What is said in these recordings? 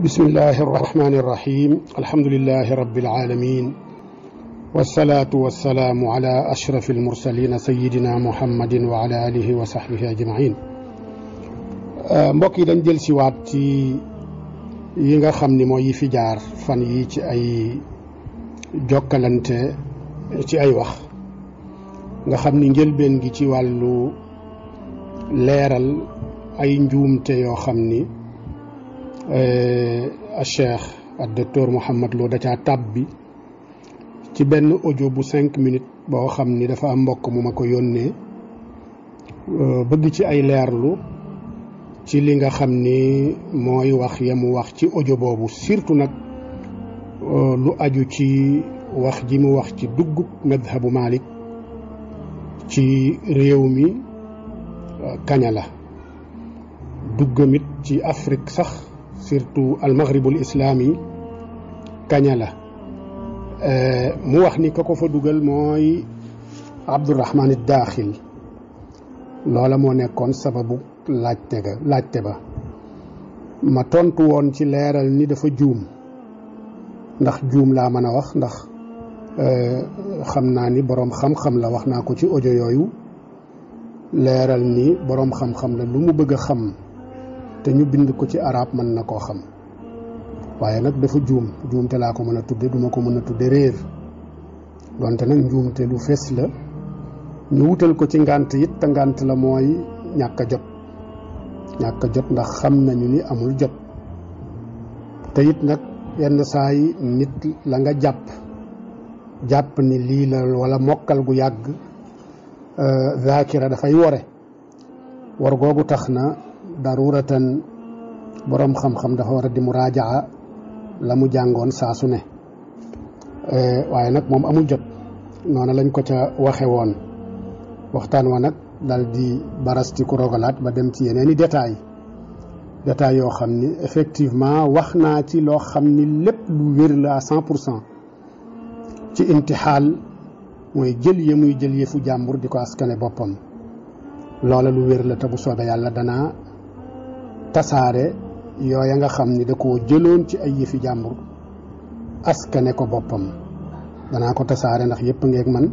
بسم الله الرحمن الرحيم الحمد لله رب العالمين والصلاة والسلام على أشرف المرسلين سيدنا محمد وعلى آله وصحبه أجمعين مبكي دنجل سواتي ييغا خمني مو يفي جار فان اي جوكالنت تي اي وخ nga xam ni njëlbeen gi ci wàllu leeral ay njuumte yoo Eh, Cheikh ak docteur Mouhamed Lo da ca tab bi ci benn audio bu cinq minutes boo xam ni dafa am mbokk mu ma ko yónnee eh, bëgg ci ay leerlu ci li nga xam ni mooy wax yamu wax ci audio boobu surtout nag eh, lu aju ci wax ji mu wax ci dugg madhabu Malik ci réew mi kaña la duggamit ci Afrique sax surtout almagribul islaami kaña la eh, mu wax ni ka ko fa dugal mooy abdurahman daaxil loola moo nekkoon sababu laajte laajte ba ma tontu woon ci leeral ni dafa juum ndax juum laa mën a wax ndax eh, xam naa ni boroom xam-xam la wax naa ko ci ojo yooyu leeral ni boroom xam-xam la lu mu bëgg xam te ñu bind ko ci arab man na ko xam waaye nag dafa juum juumte laa ko mën a tudde duma ko mën a tudde réer donte nag njuumte lu fees la ñu wutal ko ci ngant it te ngant la mooy ñàkk jot ñàkk jot ndax xam nañu ni amul jot te it nag yenn saa nit la nga jàpp jàpp ni lii la wala mokkal gu yàgg euh, zakira dafay wore war googu tax daruratan boroom xam-xam dafa war a di muraaja'a la mu jàngoon saa su ne waaye nag moom amul jot noona lañ ko ca waxe woon waxtaan wa nag dal di barasti ku rogalaat ba dem ci yeneeni détail détail yoo xam ni effectivement wax naa ci loo xam ni lépp lu wér la à cent pour cent ci intixaal mooy jël ya muy jël yëfu jàmbur di ko askane boppam loola lu wér la te bu soobee yàlla danaa tasaare yooya nga xam ni da koo jëloon ci ay yëfi jàmbur askane ko boppam danaa ko tasaare ndax yépp ngeeg man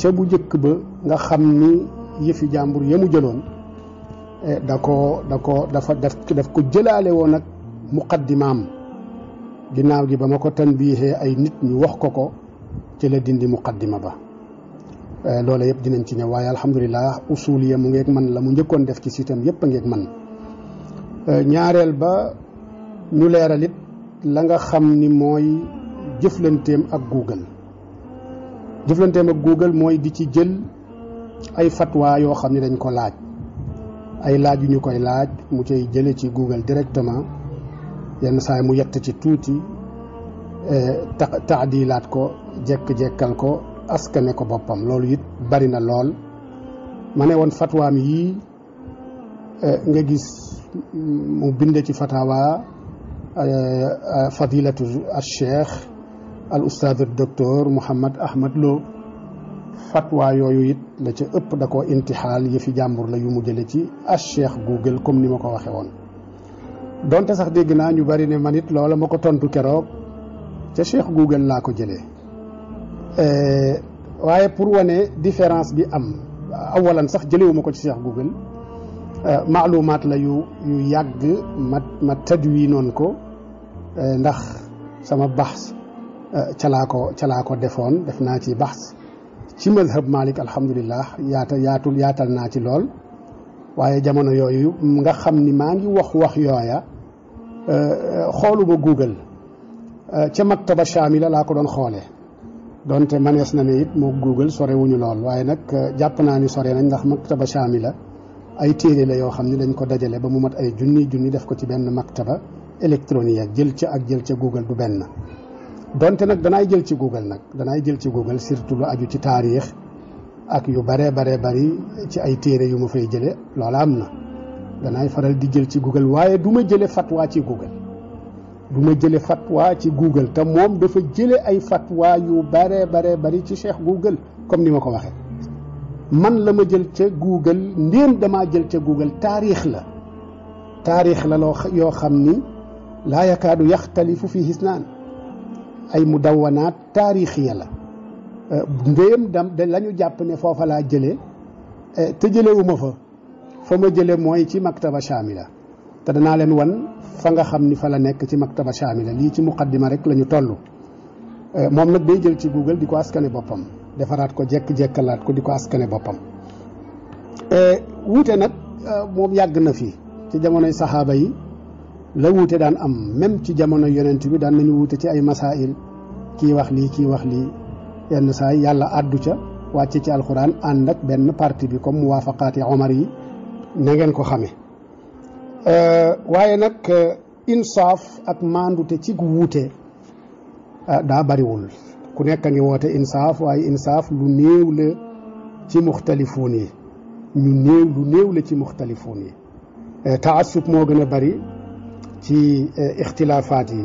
ca bu jëkk ba nga xam ni yëfi jàmbur yamu jëloon eh, da ko da ko dafa daf daf ko jëlaale woon ak muqaddimaam ginnaaw gi ba ma ko tanbiixee ay nit ñu wax ko ko ci la dindi muqaddima ba eh, loola yëpp dinañ ci waaye alhamdulilah usul ya mu ngeeg man la mu njëkkoon def ci sitam yépp ngeeg man Euh, ñaareel ba ñu leeral la nga xam ni mooy jëflanteem ak Google jëflanteem ak Google mooy di ci jël ay fatwa yoo xam ne dañ ko laaj ay laaj yu ñu koy laaj mu cay jële ci Google directement yenn saa yi mu yett ci tuuti euh, ta taadilaat ko jekk-jekkal ko askane ko boppam loolu it bari na lool ma ne woon fatwaam yii euh, nga gis mu bind ci fatawa fadilatu al sheikh al al docteur Mouhamad Ahmad Lo fatwa yoyu it la ci ëpp da ko intixaal yëfi jambour la yu mu jële ci al sheikh google comme ni mako waxe won donte sax deg na ñu bari ne manit it mako tontu kéro ci sheikh google la ko jele euh waye pour wone différence bi am awalan sax jele wu mako ci sheikh google Euh, maalumaat la yu yu yàgg ma ma wi noon ko euh, ndax sama baxs euh, ca laa ko ca laa ko defoon def naa ci baxs ci mazhab Malik alhamdulilah yaata yaatul yaatal naa ci lool waaye jamono yooyu nga xam ni maa ngi wax wax yooya xooluma Google ca maktaba chamila laa ko doon xoolee donte manees na ne it moo Google sore wuñu lool waaye nag jàpp naa ni sore nañ ndax maktaba chamila ay téere la yoo xam ne dañ ko dajale ba mu mat ay junni junni def ko ci benn maktaba électronique ak jël ca ak jël ca Google du benn donte nag danaay jël ci Google nag danaay jël ci Google surtout lu aju ci taarix ak yu bare bare bari ci ay téere yu ma fay jële loola am na danaay faral di jël ci Google waaye du ma jële fatwa ci Google du ma jële fatwa ci Google te moom dafa jële ay fatwa yu bare bare bari ci Cheikh Google comme ni ma ko waxee man la ma jël ca Google ndéem damaa jël ca Google taarix la taarix la loo xam ni laa yakaadu yaxtalifu fii hisnaan ay mudawanaat taarix ya la euh, ndéem dam da la ñu jàpp ne foofa laa jëlee euh, te jëlewuma fa fa ma jële mooy ci maktaba shamila te danaa leen wan fa nga xam ni fa la nekk ci maktaba shamila lii ci muqaddima rek la ñu toll euh, moom nag day jël ci Google di ko askane boppam defaraat ko jekk-jekkalaat ko di ko askane boppam wuute nag moom yàgg na fii ci jamonoy saxaaba yi la wuute daan am même ci jamono yonent bi daan nañu wuute ci ay masail kii wax lii kii wax lii yenn saa yi yàlla àddu ca wàcc ci alxuraan ànd ak benn parti bi comme muwafaqaati omar yi na ngeen ko xame waaye nag insaaf ak maandu ci wuute daa bariwul ku nekk ngi woote insaaf waaye insaaf lu néew la ci muxtalifuun yi ñu néew lu néew la ci muxtalifuun yi eh, taasub moo gën a ci eh, ixtilaafaat yi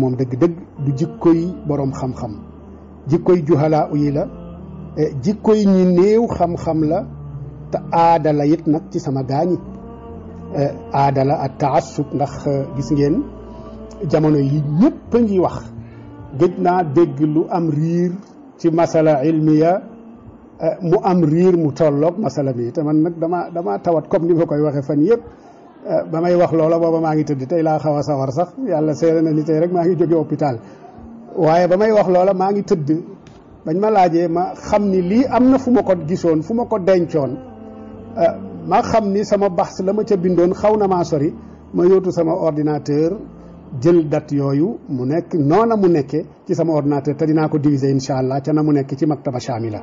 moom dëgg-dëgg du jikkoy boroom xam-xam jikkoy juhalaa yi la eh, jikkoy ñi néew xam-xam la te aadala la it nag ci sama gaañi aada la ak taasub ndax gis ngeen jamono yi ñëpp a ngi wax gëj naa dégg lu am riir ci masala ilmiya eh, mu am riir mu tolloog masala mi te man nag damaa damaa tawat comme ni ma koy waxee fan yëpp eh, ba may wax loola booba maa ngi tëdd tey laa xaw a sawar sax yàlla seere na ni tey rek maa ngi jóge hôpital waaye ba may wax loola maa ngi tëdd bañ ma laajee ma xam ni lii am na fu ma ko gisoon fu ma ko dencoon eh, ma xam ni sama baxs la ma ca bindoon xaw na maa sori ma yootu sama ordinateur jël date yooyu mu nekk noona mu nekkee ci sama ordinateur te dinaa ko diviser incha allah ca na mu nekk ci maktaba shamila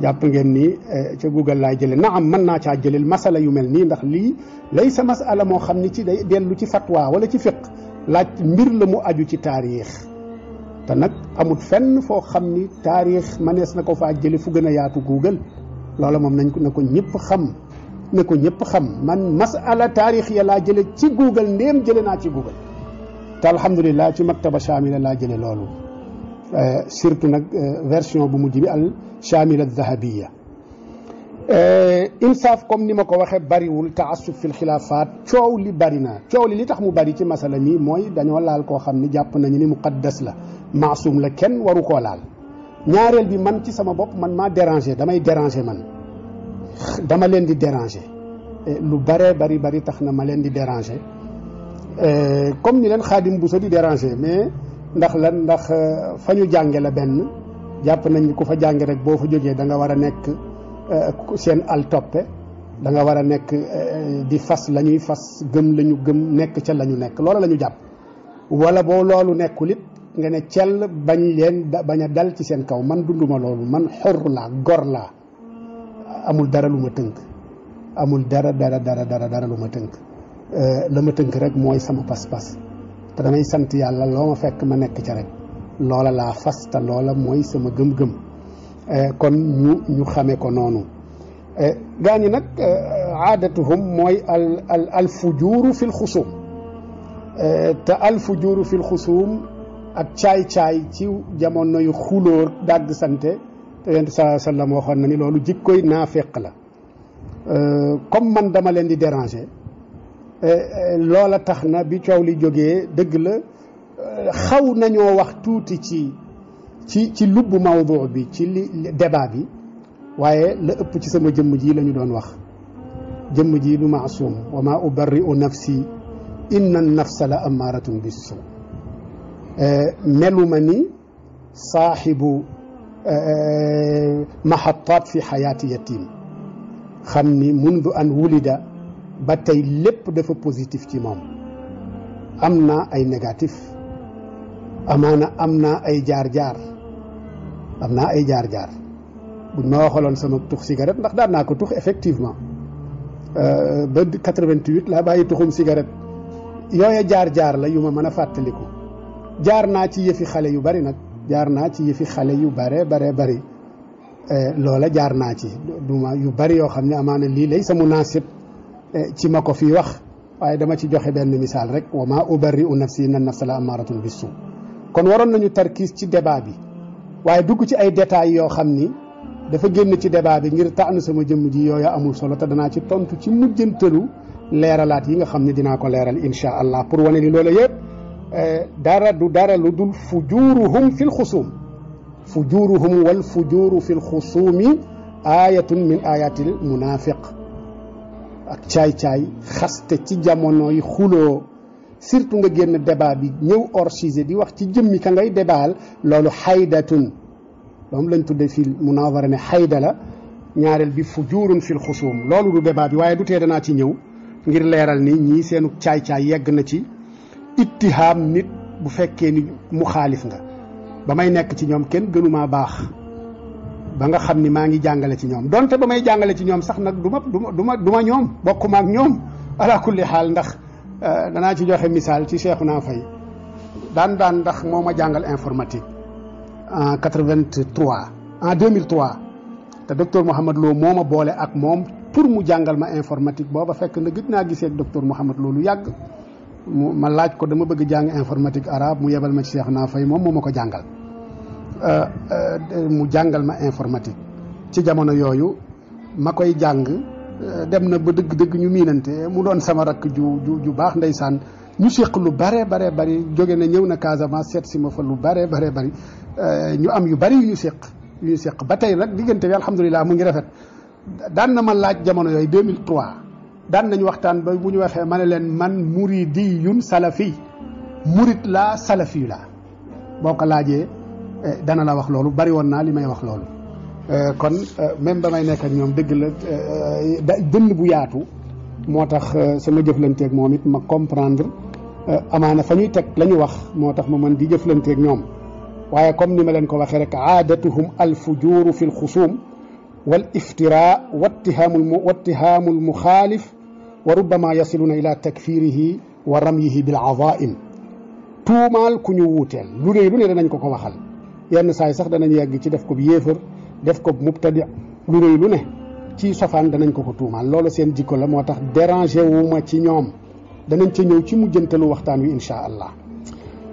jàpp ngeen ni eh, ca Google laay jëlee na am man naa caa jëleel masala yu mel nii ndax lii lay sa masala moo xam ni ci day dellu ci fatwa wala ci fiq laaj mbir la mu aju ci taarix te nag amut fenn foo xam ni taarix manees na ko faa jële fu gën a yaatu Google loola moom nañ ko na ko ñëpp xam ne ko ñëpp xam man masala taarix ya laa jële ci Google ndéem jële naa ci Google الحمد لله في مكتبة شاملة لا جل لولو سيرت نك فيرسيون بو مجي بي الشامله الذهبيه انصاف كوم نيما كو واخه باري وول تعسف في الخلافات تشو لي بارينا تشو لي تخ مو باري تي مساله مي موي دانيو لال كو خامني جاب ناني ني مقدس لا معصوم لا كين وارو كو لال نياريل بي مان تي سما بوب مان ما ديرانجي داماي ديرانجي مان داما لين دي ديرانجي لو باري باري باري تخنا مالين دي ديرانجي Euh, comme ni leen xaadim bu so di déranger mais ndax lan ndax euh, fa ñu jànge la benn jàpp nañ ku fa jànge rek boo fa jógee da nga war a nekk euh, seen al toppe da nga war a nekk di fas la ñuy fas gëm lañu ñu gëm nekk ca la ñu nekk loola lañu jàpp wala boo loolu nekkul it nga ne cell bañ leen bañ a dal ci seen kaw man dunduma loolu man xor laa gor laa amul dara lu ma tënk amul dara dara dara dara dara lu ma tënk la ma tënk rek mooy sama pas-pas te damay sant yàlla loo ma fekk ma nekk ca rek loola laa fas te loola mooy sama gëm-gëm kon ñu ñu xamee ko noonu gaa ñi nag aadatuhum mooy al al alfujuuru fi lxusum te alfujuuru fi lxusum ak caay-caay ci jamono yu xulóor dàgg sante te yent saa sallam waxoon na ni loolu jikkoy naafeq la comme man dama leen di déranger Eh, eh, loola tax na bi coow li jógee dëgg la eh, xaw nañoo wax tuuti ci ci ci lubbu mawdu bi ci li débat bi waaye la ëpp ci sama jëmm ji la ñu doon wax jëmm ji du maasum wa ma ubarri'u nafsi inna nafsa la amaaratun bisu melu ma ni saaxibu maxataat fi xayaati yatim xam ni mundu an wulida ba tey lépp dafa positif ci moom am naa ay négatif amaana am naa ay jaar-jaar am naa ay jaar-jaar buñ ma waxaloon sama tux cigarette ndax daan naa ko tux effectivement euh, ba 88 laa bàyyi tuxum cigarette yooya jaar-jaar la yu ma mën a fàttaliku jaar naa ci yëfi xale yu bari nag jaar naa ci yëfi xale yu bare bare bari euh, loola jaar naa ci duma yu bari yoo xam ne amaana lii lay sama naasib ci mako fi wax waye dama ci joxe ben misal rek wa ma ubari nafsi inna nafsa la amaratun bisu kon waron nañu tarkis ci débat bi waye dugg ci ay détails yo xamni dafa génn ci débat bi ngir taanu sama jëm ji yooyu amul solo te dana ci tontu ci mujjantalu leralat yi nga xamni dina ko leral insha allah pour wane ni loolu yëpp dara du dara ludul fujuruhum fil khusum fujuruhum wal fujuru fil khusumi ayatun min ayatil munafiq ak caay-caay xaste ci jamonoy yi xuloo surtout nga génn débat bi ñëw orcisé di wax ci jëmmi ka ngay débaal loolu xaydatun moom lañ tudde fii munawara ne xayda la ñaareel bi fu fujurun fil xusuum loolu du débat bi waaye du tee danaa ci ñëw ngir leeral ni ñii seenu caay-caay yegg na ci ittihaam nit bu fekkee ni mu xaalif nga ba may nekk ci ñoom kenn gënumaa baax ba nga xam ni maa ngi jàngale ci ñoom donte ba may jàngale ci ñoom sax nag duma duma duma duma ñoom bokkuma ak ñoom ala kulli xaal ndax euh, danaa ci joxe misaal ci cheikhu naa fay daan daan ndax moo ma jàngal informatique en 83 en 2003 te docteur mohamad loo moo ma ak mom. pour mu jàngal ma informatique booba fekk na gëj naa gisee ak docteur mohamad lu yàgg ma laaj ko dama bëgg jàng informatique arabe mu yebal ma ci cheikh naa fay moom moo ma Euh, euh, mu jàngal ma informatique ci jamono yooyu ma koy jàng euh, dem na ba dëgg-dëgg ñu miinante mu doon sama rakk ju ju ju baax ndeysaan ñu lu bare bare bari jóge na ñëw na Casamance ma fa lu bare bare bari ñu am yu bari yu ñu séq yu ñu séq ba tey nag diggante bi alhamdulilah mu ngi rafet dan na ma laaj jamono yooyu 2003 Dan nañu waxtaan ba bu ñu man muridi salafi murit laa salafi laa boo ko dana la wax loolu bari woon naa li may wax loolu kon même ba may nekk ak ñoom dëgg la dënn bu yaatu moo tax sama jëflanteeg moom it ma comprendre amaana fa ñuy teg la ñu wax moo tax ma mën di jëflanteeg ñoom waaye comme ni ma leen ko waxee rek aadatuhum alfujuru fi wal iftira wa lxusum والافتراء واتهام واتهام المخالف وربما يصلون الى تكفيره ورميه بالعظائم lu ne lu ne لوري ko ko waxal yenn saay sax danañ yàgg ci def ko yéefar def ko mubtadi lu rëy lu ne ci sofaan danañ ko ko tuumaan loolu seen jikko la moo tax dérangé wu ci ñoom danañ ca ñëw ci mujjantalu waxtaan wi incha allah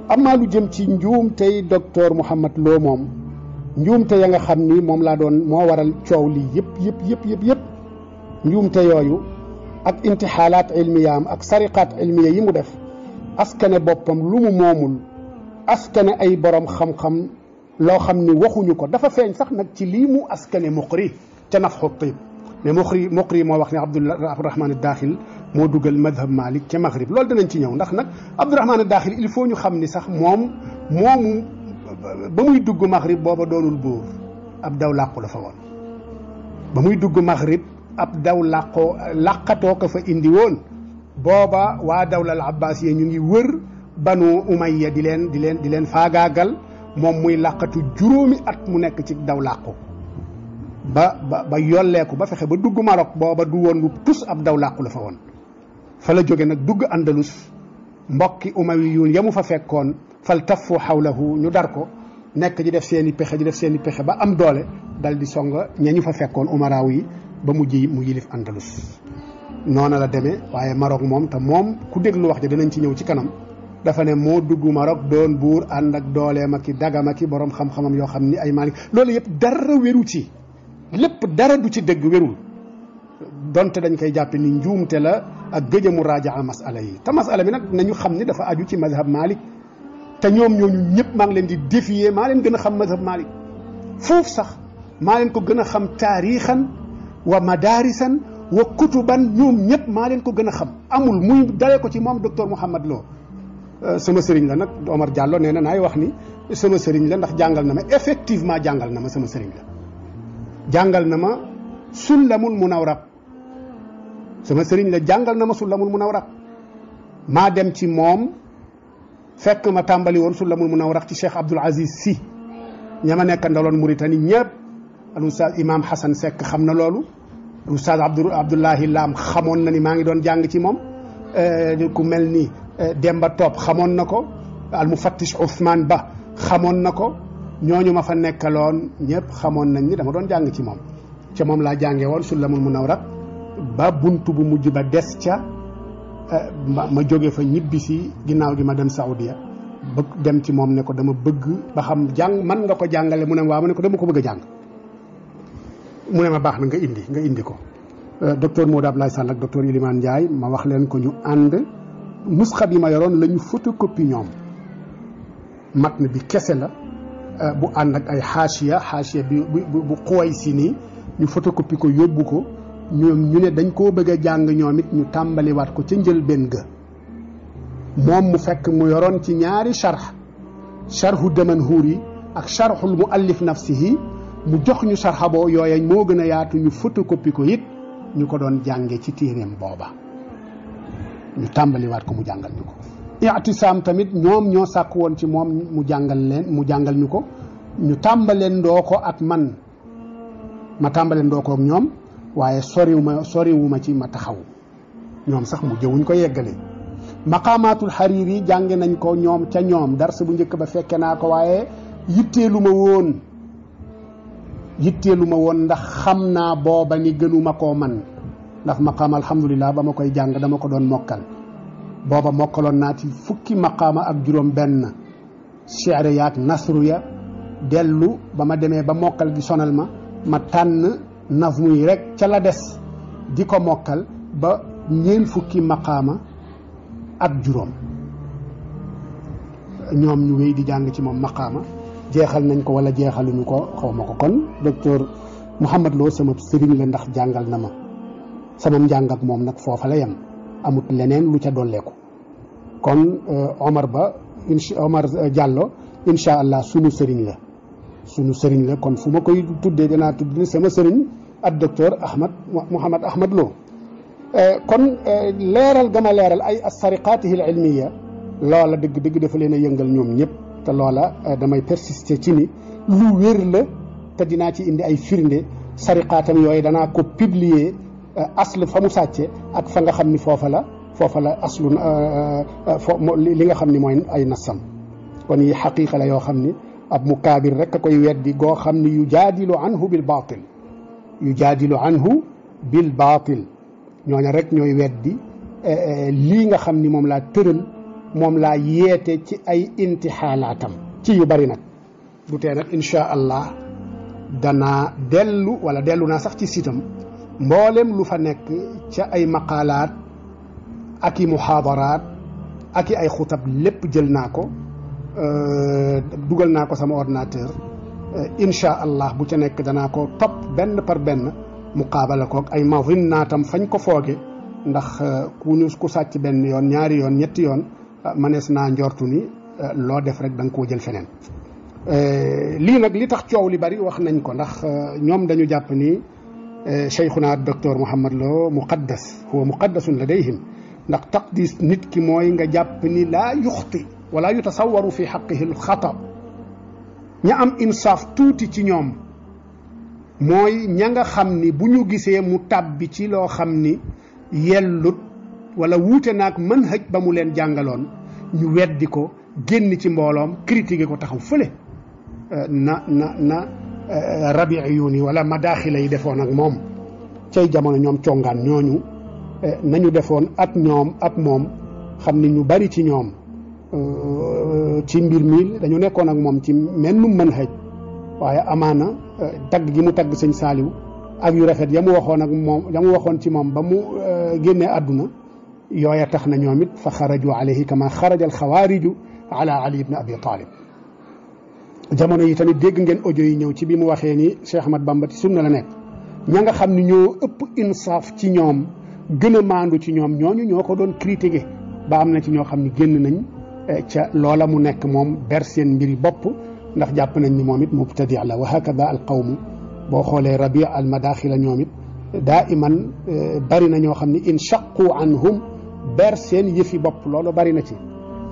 am naa lu jëm ci njuum tey docteur Mouhamed Lo moom njuumte ya nga xam ni moom laa doon moo waral coow lii yëpp yëpp yëpp yëpp yëpp njuumte yooyu ak intixaalaat ilmiyaam ak sariqaat ilmiya yi mu def askane boppam lu mu moomul askane ay boroom xam-xam loo xam ne waxuñu ko dafa feeñ sax nag ci lii mu askane muqri ca nafxu tib ne muqri muqri moo wax ne abdourahman daaxil moo dugal madhab malik ca maghrib loolu danañ ci ñëw ndax nag abdourahman daaxil il faut ñu xam ni sax moom moomu ba muy dugg maghrib booba doonul buur ab daw làqu la fa woon ba muy dugg maghrib ab daw làqoo làqatoo ko fa indi woon booba waa dawla al abbasiya ñu ngi wër banu umayya di leen di leen di leen faagaagal moom muy làqatu juróomi at mu nekk ci daw làqu ba ba ba yolleeku ba fexe ba dugg Maroc booba du woon lu tus ab daw làqu la fa woon fa la jóge nag dugg Andalus mbokki umawi yuun ya mu fa fekkoon fal taffu xawlahu ñu dar ko nekk di def seen pexe di def seen i pexe ba am doole dal di songa ña ñu fa fekkoon umaraaw yi ba mu ji mu yilif Andalus noona la demee waaye Maroc moom te moom ku déglu wax ja dinañ ci ñëw ci kanam dafane mo duguma dugg Maroc doon buur ànd ak dooleem ak i dagam borom xam-xamam yo xamni ay malik lolou yep dara wéru ci lépp dara du ci deug wérul donte dañ koy jàppe ni njumte la ak gëj a mu raajaa masala yi ta masala bi nak nañu xamni dafa aju ci mazhab malik te ñoom ñooñu ñep ma ngi leen di défier ma leen gëna xam mazhab malik fofu sax ma leen ko gëna xam taarixan wa madarisan wa kutuban ñoom ñep ma leen ko gëna xam amul muy dalé ko ci mom docteur mohammed Lo Euh, sama sëriñ la nag doomar Diallo nee na naay wax ni sama sëriñ la ndax jàngal na ma effectivement jàngal na ma sama sëriñ la jàngal na ma sullamul munawraq sama sëriñ la jàngal na ma sullamul munawraq maa dem ci moom fekk ma tàmbali woon sullamul munawraq ci Cheikh Abdoul si Sy ña ma nekk ndaloon Mauritanie ñëpp al oustaz imam Hassan Seck xam na loolu oustaz Abdou Abdoulahi Lam xamoon na ni maa ngi doon jàng ci moom euh, ku mel nii Eh, demba top xamoon nako. al mufattish uthman ba xamoon nako ñooñu ma fa nekkaloon ñepp xamoon nañ ni dama doon jàng ci moom ci moom laa jànge woon sulamul munawrat ba buntu bu mujj ba des ca eh, ma ma jóge fa ñibbi si ginnaaw gi ma dem saudia ba dem ci moom ne ko dama bëgg ba xam jàng man nga ko jàngale mu ne waa mu ne ko dama ko bëgg a mu ne ma baax nga indi nga indi ko eh, docteur Modou Ablaye Sall ak docteur Iliman Ndiaye ma wax leen ko ñu ànd nusxa bi ma yoroon lañu ñu photocopie ñoom matn bi kese la euh, bu ànd ak ay xaasiya xaasiya bi bu xooy si ni ñu photocopie ko yóbbu ko ñoom ñu ne dañ koo bëgg a jàng ñoom it ñu tàmbaliwaat ko ca njëlbéen ga moom mu fekk mu yoroon ci ñaari charx charxu Damanhuri ak charxul muallif nafsihi mu jox ñu charxa boo yooyañ moo gën a yaatu ñu photocopie ko it ñu ko doon jànge ci téeréem booba ñu tambali waat ko mu jangal ñuko i'tisam tamit ñom ño sak won ci mom mu jangal len mu jangal ñuko ñu tambalen ndoko ak man ma tàmbaleen doo ak ñoom waaye soriwuma soriwuma ci ma taxaw ñom sax mu jëwuñ ko yeggale maqamatul hariri jangé nañ ko ñom ca ñom darse bu ñëk ba fekké na ko waaye yittéluma won yittéluma won ndax xamna ni gënuma ko man ndax maqaam alhamdulillah ba ma koy jàng dama ko doon mokkal booba mokkaloon naa ci fukki maqaama ak juróom benn siare yaag nasru ya dellu ba ma demee ba mokkal gi sonal ma ma tànn yi rek ca la des di ko mokkal ba ñeen fukki maqaama ak juróom ñoom ñu wéy di jàng ci moom maqaama jeexal nañ ko wala jeexaluñu ko xaw ko kon docteur muhammad loo sama sëriñ la ndax jàngal na ma sama njàng ak moom nag foofa la yem amut leneen lu ca dolleeku kon Omar ba Omar Diallo incha allah sunu sëriñ la sunu sëriñ la kon fu ma koy tuddee dinaa tudd sama sëriñ ak docteur Ahmad Mouhamad Ahmad Lo kon leeral gama leeral ay asariqaatihi al ilmiya loola dëgg-dëgg dafa leen a yëngal ñoom ñëpp te loola damay persister ci ni lu wér la te dinaa ci indi ay firnde sariqaatam yooyu danaa ko publier asl fa mu sàcce ak fa nga xam ni foofa la foofa la aslu fo li nga xam ni mooy ay nasam kon yi xaqiqa la yoo xam ni ab mukaabir rek a koy weddi goo xam ni yu jaadilu anhu bil baatil yu jaadilu anhu bil baatil ñooñu rek ñooy weddi lii nga xam ni moom laa tëral moom laa yeete ci ay intixaalaatam ci yu bari nag du tee nag incha allah danaa dellu wala dellu naa sax ci sitam mboolem lu fa nekk ca ay maqaalaat ak i muhaadaraat ak i ay xutab lépp jël naa ko euh, dugal naa ko sama ordinateur euh, incha allah bu ca nekk danaa ko topp benn par benn mu qaabala koog ay mazin naatam fañ ko fooge ndax euh, ku ñu ku sàcc benn yoon ñaari yoon ñetti yoon manees naa njortu ni loo def rek da nga koo jël feneen lii nag li tax coow li bari wax nañ ko ndax ñoom dañu jàpp ni Eh, cheikhuna docteur Mouhamed Lo muqaddas huwa muqaddasun ladayhim ndax taqdis nit ki mooy nga jàpp ni laa yuxti wala yutasawaru fi xaqihi lxata ña am insaaf tuuti ci ñoom mooy ña nga xam ni bu ñu gisee mu tàbbi ci loo xam ni yellut wala wuute naag manhaj ba mu leen jàngaloon ñu weddi ko génn ci mbooloom critiqué ko taxaw fële eh, na na na Euh, rabi yu ni wala madaaxila yi defoon ak moom cay jamono ñoom congaan ñooñu euh, nañu defoon ak ñoom ak moom xam ni ñu bari ci ñoom euh, ci mbir mi dañu nekkoon ak moom ci menn mën xëj waaye amaana tagg gi mu tagg sëñ saaliw ak yu rafet ya mu waxoon ak moom ya mu waxoon ci moom ba mu génnee àdduna yooya tax na ñoom it fa xaraju alayhi kama xaraja xawaariju ala ali ibn abi talib jamono yi tamit dégg ngeen ojo yi ñëw ci bi mu waxee ni Cheikh Ahmad Bamba ci sunna la nekk ña nga xam ni ñoo ëpp insaaf ci ñoom gëna a maandu ci ñoom ñooñu ñoo ko doon critiqué ba am na ci ñoo xam ni génn nañ e, ca loola mu nekk moom ber seen mbiri bopp ndax jàpp nañ ni moom it mubtadi la wa hakada al qawmu boo xoolee rabi al madaxila ñoom it daa iman e, bari na ñoo xam ni inshaqu anhum ber seen yëfi bopp loolu bari na ci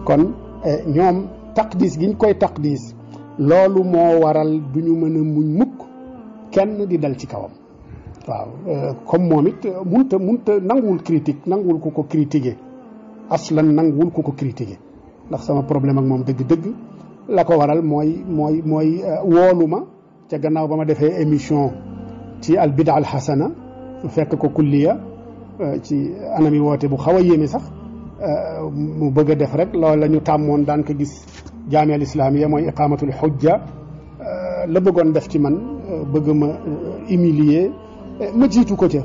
kon e, ñoom taqdis giñ koy taqdis loolu moo waral bu ñu mën a muñ mukk kenn di dal ci kawam waaw euh, comme moom it euh, munta munta nanguwul critique nanguwul ko ko critiquer aslan nanguwul ko ko critiquer ndax sama problème ak moom dëgg-dëgg la ko waral mooy mooy mooy euh, woolu ma ca gannaaw ba ma defee émission ci al bida al xasana fekk ko kulliya ci anami woote bu xaw a yéeme sax mu bëgg a def rek loolu la ñu tàmmoon daan ko gis jaamiyal islamiya mooy iqaamatul xujja la bëggoon def ci man bëgg ma humilier ma jiitu ko ca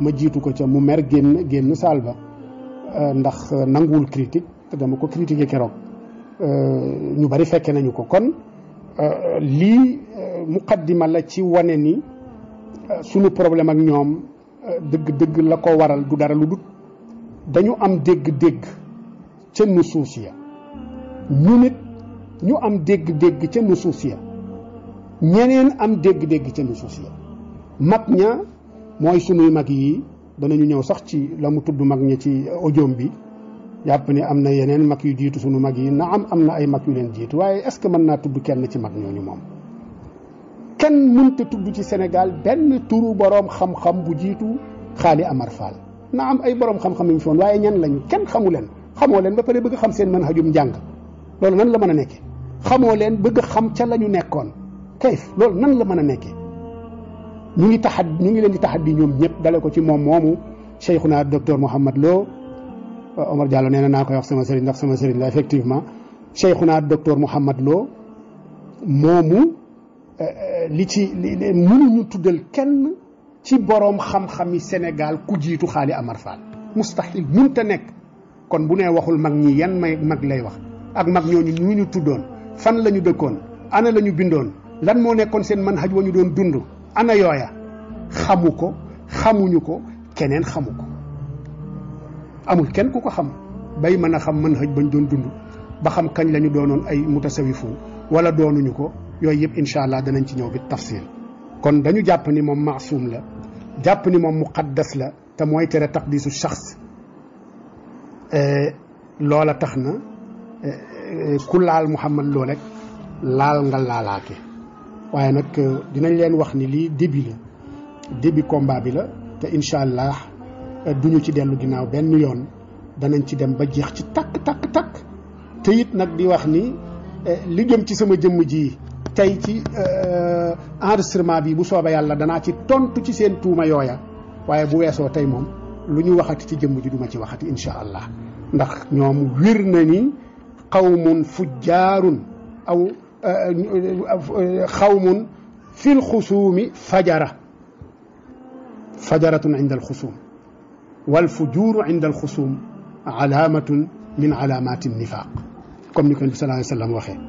ma jiitu ko ca mu mer génn génn saal ba ndax nanguwul critique te dama ko critiqué keroog ñu bari fekke nañu ko kon lii muqaddima la ci wane ni sunu problème ak ñoom dëgg-dëgg la ko waral du dara lu dut dañu am dégg-dégg ca nusuus ya ñu nit ñu am dégg-dégg ca nusuus ya ñeneen am dégg-dégg ca nusuus ya mag ña mooy sunuy mag yi danañu ñëw sax ci la mu tudd mag ña ci ojoom bi jàpp ni am na yeneen mag yu jiitu sunu mag yi na am am na ay mag yu leen jiitu waaye est-ce que mën naa tudd kenn ci mag ñooñu moom kenn mënta tudd ci Sénégal benn turu boroom xam-xam bu jiitu xaali Amar Fall na am ay boroom xam-xam yu fi woon waaye ñan lañ kenn xamu leen xamoo leen ba pare bëgg xam seen mën hajum njàng loolu nan la mën a nekkee xamoo leen bëgg xam ca la ñu nekkoon kayf loolu nan la mën a nekkee ñu ngi taxat ñu ngi leen di taxat di ñoom ñëpp dale ko ci moom moomu cheikhuna docteur Mouhamad Lo Omar Diallo nee na naa koy wax sama sëriñ ndax sama sëriñ la effectivement cheikhuna docteur Mouhamad Lo moomu li ci li mënuñu tuddal kenn ci boroom xam-xami Sénégal ku jiitu xaali Amar Fall mustahil mënta nekk kon bu nee waxul mag ñi yan may mag lay wax ak mag ñooñu ñu ñu tuddoon fan lañu ñu dëkkoon ana lañu ñu bindoon lan moo nekkoon seen man haj wa ñu doon dund ana yooya xamu ko xamuñu ko keneen xamu ko amul kenn ku ko xam bay mën a xam man haj bañ doon dund ba xam kañ lañu ñu doonoon ay mutasawifu wala doonuñu ko yooyu yëpp incha allah danañ ci ñëw bi tafsil kon dañu jàpp ni moom maasuum la jàpp ni moom muqaddas la te mooy tere taqdisu shaxs loola tax na Eh, ku laal Mouhamad loo rek laal nga laalaate waaye nag eh, dinañ leen wax ni lii début la début combat bi la te incha allah eh, ñu ci dellu ginnaaw benn yoon danañ ci dem ba jeex ci takk takk takk te it nag di wax ni li jëm ci sama jëmm ji tey ci enregistrement bi bu soobee yàlla danaa ci tontu ci seen tuuma yooya waaye bu weesoo tey moom lu ñu waxati ci jëmm ji duma ci waxati incha allah ndax ñoom wir na ni. قوم فجار أو خوم في الخصوم فجرة فجرة عند الخصوم والفجور عند الخصوم علامة من علامات النفاق كم نكون صلى الله عليه وسلم وخير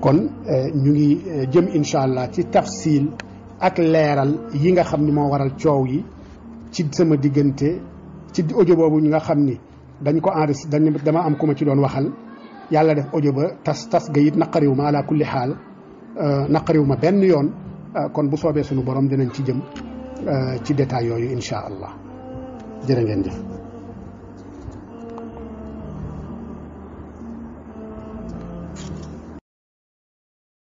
كون آه، نيجي آه، جيم ان شاء الله تي تفصيل اك ليرال ييغا خامني مو وارال تيوي تي سما ديغنتي تي اوديو بوبو نيغا خامني دنجكو انريس دنجي دا ما ام كوما دون وخال yàlla def audio ba tas tas ga it naqariw ma ala kulli xaal euh, naqariw ma benn yoon euh, kon bu soobee suñu borom dinañ ci jëm euh, ci détail yooyu incha allah jërë ngeen jëf